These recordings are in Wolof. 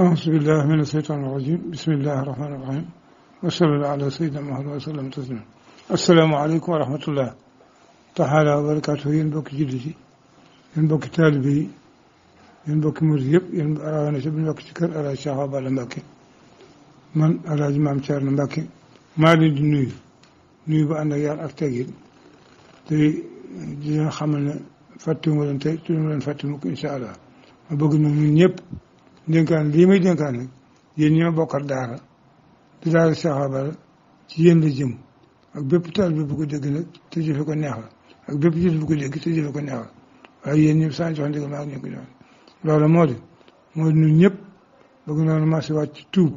أعوذ بالله من الشيطان الرجيم بسم الله الرحمن الرحيم وصلى الله على سيدنا محمد وسلم تسليما السلام عليكم ورحمة الله تعالى وبركاته ينبك جلدي ينبك تالبي ينبك مريب ينبك أرانا ينبك شكر على شهاب على مكي من على جمع مشارنا ماكي ما لي دنيو نيو بأن يار أكتاجين تي جينا خمنا فاتم ولن انتهي تنو لن فاتمك إن شاء الله وبقنا من يب dénkaan lii may dénkaan nag yéen ñoo bokkal daara du daara saxaaba la ci yéen la jëm ak bépp taal bi bu ko nag te jëfe ko neex la ak bépp jëf bu ko dégg te jëfe ko neex la waaye yéen ñëpp saa jox ndigal maa ngi ñu ko jox loolu moo di moo di ñun ñëpp bëgg noonu marché wàcc ci tuub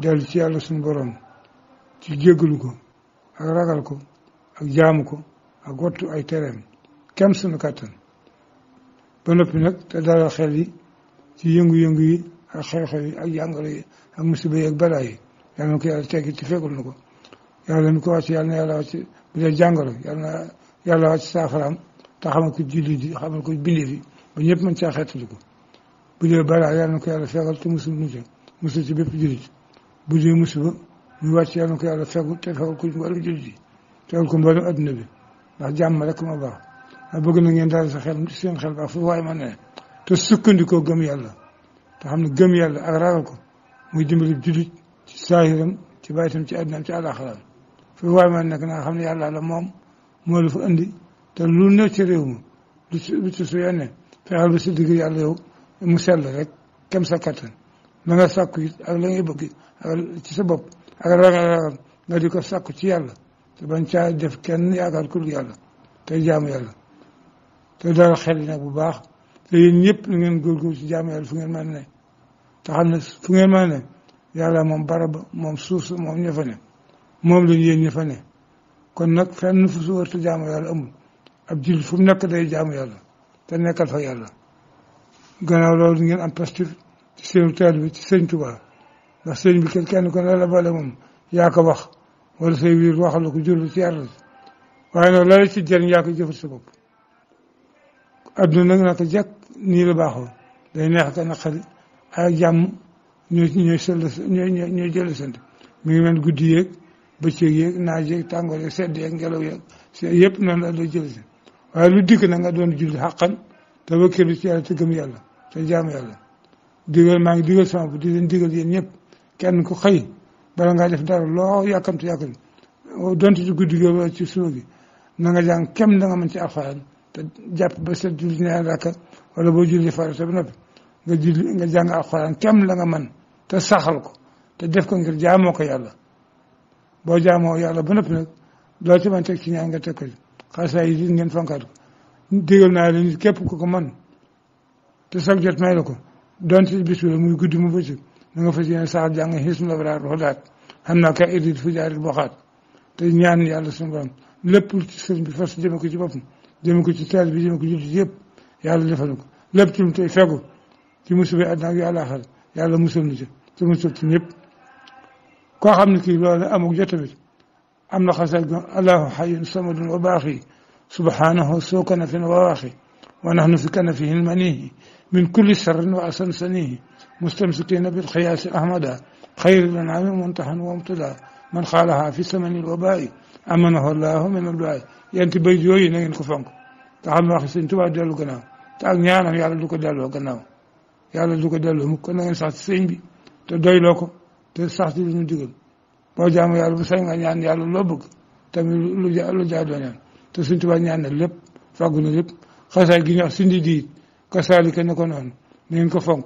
dellu ci yàlla suñu borom ci jéggalu ko ak ragal ko ak jaamu ko ak wattu ay tereem kem suñu kàttan ba noppi nag te dalal xel ci yëngu-yëngu yi ak xew-xew yi ak jàngoro yi ak musiba yi ak balaa yi yàlla na ko yàlla teggi ci fekkul na ko yàlla na ko wàcc yàlla na yàlla wàcc bu dee jàngoro yàlla na yàlla wàcc saafaraam te xamal ko julli ji xamal ko billet yi ba ñëpp mën caa xeetali ko bu dee balaa yàlla na ko yàlla fegal te musul mu jëm musul ci bépp jullit bu dee musiba ñu wàcc yàlla na ko yàlla fegul te fegal ko mboolem jullit yi fegal ko mboolem adduna bi ndax jàmm rek ma baax bëgg na ngeen daal sa xel seen xel baax fu waay ma ne te sukkandikoo gëm yàlla تحمل الجميع أغراضكم ويدم اللي بجلد تساهرن تبايتهم تأدنا تأدن على آخران في الواقع ما أنك نأخذ لي على المام مولف عندي تلون نتريهم بتسويانا في عالب سيدقي عليه مسلح كم سكتا ما نساكوي أغلان يبقي تسبب أغراض أغراض قد يكون ساكو تيالا تبان شاهد دفكني أغراض كل يالا تجام يالا تدار خيرنا بباخ te yéen ñëpp na ngeen góorgóorlu si jaamu yàlla fu ngeen mën ne te xam ne fu ngeen mën ne yàlla moom barab moom suuf si moom ña fa ne moom lañ yéen ña fa ne kon nag fenn fu su wërta jaamu yàlla amul ab jullit fu mu nekk day jaamu yàlla te nekkal fa yàlla gannaaw loolu ngeen am pastif ci seenu teel bi ci sëñ Tuubaa ndax sëñ bi kenn kenn kon la bale moom yaa ko wax wala say wiir waxal la ko jurlu ci yàlla waaye nag la la ci jëriñ yaa ko jëfal sa bopp adduna nag naka jekk nii la baaxoo day neex ak naqari ak jàmm ñooy ñooy sell ñooy ñooy sant mi ngi mel guddi yeeg bëccëg yeeg naaj yeeg tàngoor yeeg sedd yeeg ngelaw yeeg yëpp noonu la day jël sant waaye na nga doon julli xàqan te wëkkilu ci yàlla te gëm yàlla te jaam yàlla digal maa ngi digal sama bu di leen digal yéen ñëpp kenn ku xëy bala ngaa def dara loo yàkkamti yàkkamti donte ci guddi gi wala ci suba gi na nga jàng kem da ci alxuraan te jàpp ba sa julli ñaari rakka wala boo julli farata ba noppi nga julli nga jàng alxuraan kem la nga man te saxal ko te def ko ngir jaamoo ko yàlla boo jaamoo yàlla ba noppi nag loo nga teg ko xasaa yi di ngeen fonkaat ko digal naa leen képp ku ko man te sag jot may la ko bis bi muy guddi mu bëccëg na nga fas yéene sax jàng xism la baraar xudaat xam naa ka idil fu jaarit boxaat te ñaan yàlla suñu borom lépp ci sëriñ bi fas jëme ko ci boppam jëme ko ci taal bi jëme ko ci jullit yëpp yàlla defal ko lépp ci lu tey fegu ci musiba àddina ak àllaaxar yàlla musal na ci te musal ci ñëpp koo xam ne kii loolu amul jot tamit am na xasaay gon allahu xayun samadun wa baaxi subhanahu soo kanafin wa waaxi wa nahnu fi kanafihi manihi min kulli sarrin wa asansanihi mustamsikina bil xiyaasi ahmada xayri lanaami muntahan wa mtudaa man xaalaha fi samani lwabaa'i amanahu allahu min albaa'i yenti bay yooyu na ngeen ko fonk te xam ne wax sëñ Tuubaa dellu gannaaw te ak ñaanam yàlla du ko delloo gannaaw yàlla du ko delloo mukk na ngeen sax ci sëñ bi te doyloo ko te sax ci mu digal boo jaamu yàlla bu sañ nga ñaan yàlla loo bëgg tamit lu ja lu jaadoo ñaan te sëñ Tuubaa ñaan na lépp fàggu na lépp xasaay gi ñu wax sindi diit kasaalika na ko noonu na ngeen ko fonk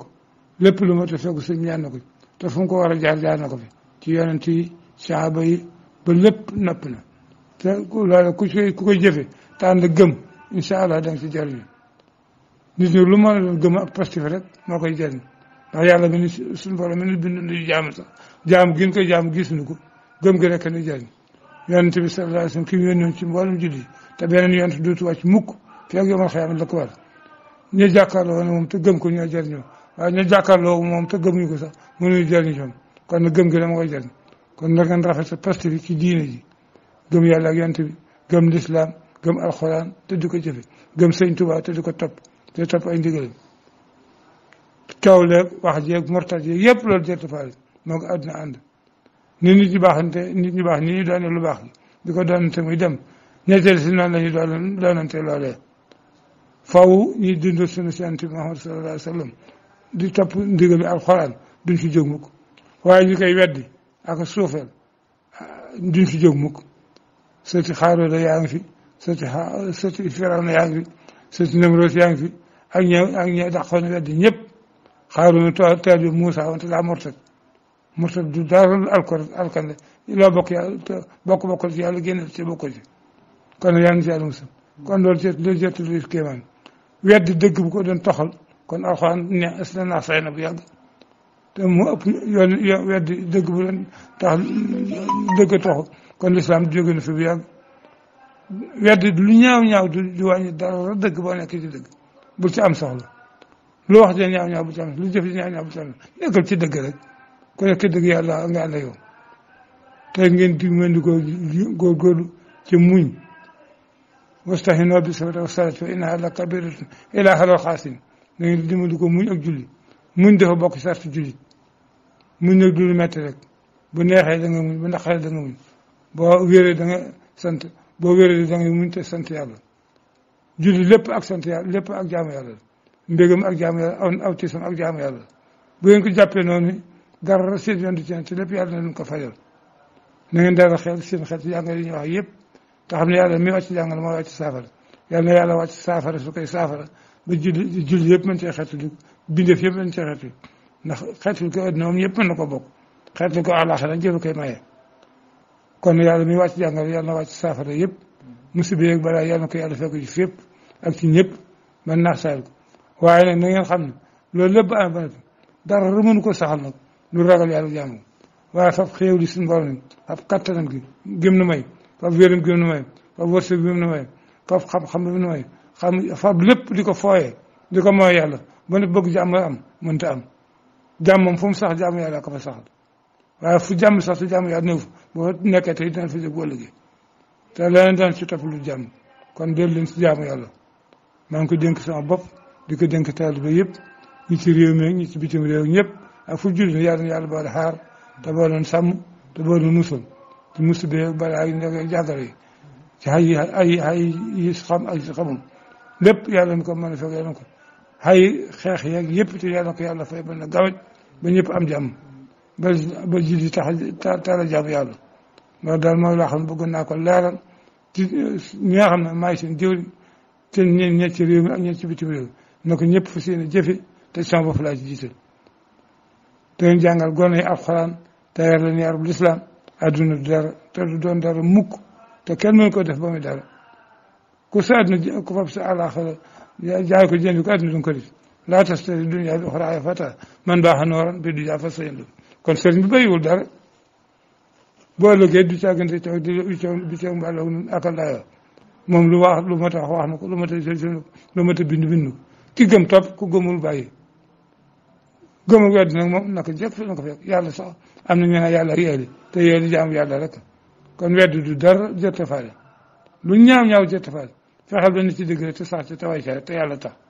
lépp lu ma te fegu sëñ ko te fu mu ko war a na fi ci yonent yi saaba yi ba lépp napp na te loolu ku si ku koy jëfe te ànd gëm incha allah dang ci si jariñu nit ñi lu mën a doon gëm ak rek moo koy jariñ ndax yàlla mi ni suñu borom mi ni bind nañu jaamu sax jaamu gi koy jaamu gis nu ko gëm gi rek a ñuy jariñ yonent bi sallallahu alayhi wasallam ki mu yónnoon ci mboolem julli te beneen yonent dootu wàcc mukk fi ak la ko war ñu jàkkaarloo ne moom te gëm ko ñoo jariñoo waaye ñu jàkkaarloo moom te gëmuñu ko sax mënuñu jariñ ñoom kon na gëm gi dama koy jariñ kon na ngeen rafetal paste bi ci diine ji gëm yàlla ak yant bi gëm lislaam gëm alxuraan te di ko jëfe gëm sëñ Tuubaa te di ko ta te topp ay ndigalam coow leeg wax jeeg mortat yeeg yëpp loolu jertefali moo ko àdduna ànd ni nit ñu nit ñu baax ni ñu doone lu baax di ko doonante muy dem ñetteel si noonu la ñu doon doonante loolee faw ñuy dund sunu sant bi Muhammad sallallahu di topp ndigali alxuraan duñ ci jóg mukk waaye ñu koy weddi ak soufel duñ ci jóg muk sëti xaarooda yaa ngi fi sëti sëti firawna yaa ngi fi sëti nemroos yaa fi ak ña ak ña dàqoon weddi ñëpp xaaroona to teel bi Moussa wante daa mortat mortat du dara alkor alkande ila bok ya bok bok ci yàlla génn ci bok ci kon yaa ngi ci yàlla musal kon do jot loolu jot lu kéemaan wedd deug bu ko doon toxal kon alquran ne as na naa bu yalla te mu ëpp yoon weddi dëgg bu tax dëgg taxut kon lislaam jóge na fi bu yàgg weddi lu ñaaw ñaaw du du wàññi dara dëgg boo nekk ci dëgg bul ci am soxla lu wax ja ñaaw ñaaw bu ci am lu jëf bu ci am nekkal ci dëgg rek ku dëgg yàlla nga ànd yow te ngeen ci muñ wastahinoo bi sabri wa salaati fa innahaa la kabiratun illaa alal xaasiin da ngeen di ko muñ ak julli muñ dafa bokk sarti jullit muñal du lu metti rek bu neexee da nga muñ bu naqaree da nga muñ boo wéree da nga sant boo wéree da nga muñ te sant yàlla julli lépp ak sant yàlla lépp ak jaamu yàlla mbégam ak jaamu yàlla aw aw tiisam ak jaamu yàlla bu ngeen ko jàppee noonu dara seen yoon du ci te lépp yàlla na leen ko fajal na ngeen dara xel seen xel ci jàngale yi ñuy wax yëpp te xam ne yàlla mi wàcc jàngale moo wàcc saafara yàlla na yàlla wàcc saafara su koy saafara ba julli julli yëpp mën cee xeetu bindef yëpp mën cee xeetu ndax xeetul ko àdduna moom yëpp mën na ko bokk xeetul ko àllaaxira jëru koy maye kon yàlla mi wàcc jàngale yàlla na wàcc saafara yëpp musiba yeeg balaa yàlla na ko yàlla fekk ci fépp ak ci ñëpp man naax saayal ko waaye nag na ngeen xam ne loolu lépp ba am ba dara mënu ko saxal nag lu ragal yàlla jaamu waaye fab xéew li suñu borom fab kattanam gi gëm na may fab wéram gëm na may fab wërsëg bi na may fab xam-xam bi na may xam fab lépp di ko fooyee di ko mooy yàlla ba ne bëgg jàmm am mënta am jàmm fu mu sax jàmm yàlla ko fa saxal waaye fu jàmm sax su jàmm yàlla néew fa boo nekkee te daan fi bu ëllëgee te leneen daan ci topp lu jàmm kon dellu leen si jàmm yàlla maa ngi ko dénk sama bopp di ko dénk taalibe yëpp ñi ci réew mi ñi ci bitim réew ñëpp ak fu jullit yàlla na yàlla boole xaar te boole sàmm te boole musal ci musibe balaa yi nekk jàngale yi ci ay ay ay yi xam ak si xamul lépp yàlla na ko mën a fekk yàlla na ko hay xeex yeeg yëpp te yàlla ko yàlla fay ba na gawaj ba ñëpp am jàmm ba ba julli tax a taal a jàmm yàlla loolu daal mooy loo xam bëggoon naa ko leeral ci ñi nga xam ne maay seen jëwriñ te ñeen ñe ci réew mi ak na ko ñëpp fa seen jëfe te sama bopp laa ci jiital te ngeen jàngal gone yi alxuraan te yar leen yarub lislaam adduna du dara te doon dara mukk te kenn mënu ko def ba muy dara ku sa àdduna ku fab sa àllaaxira jaay ko jënd ko adduna du nga ko def laa bi uxraa fata man baaxa nooran bi dunya fa sayen kon sëriñ bi béyiwul dara boo lëggee du caagante coow di u ba du coow mbaa loog nun akal laayoo moom lu wax lu ma tax wax na ko lu ma tax jël ma tax bind bind ko ki gëm topp ku gëmul bàyyi gëmul weddi nag moom naka jëkk fi na ko fekk yàlla sax am na ñu ne yàlla yeeli te yeeli jaamu yàlla rek kon weddi du dara jëtte faale lu ñaaw ñaaw jëtte faale fexeel ba nit ci dëgg rek te sax ci taway ca rek te yàlla tax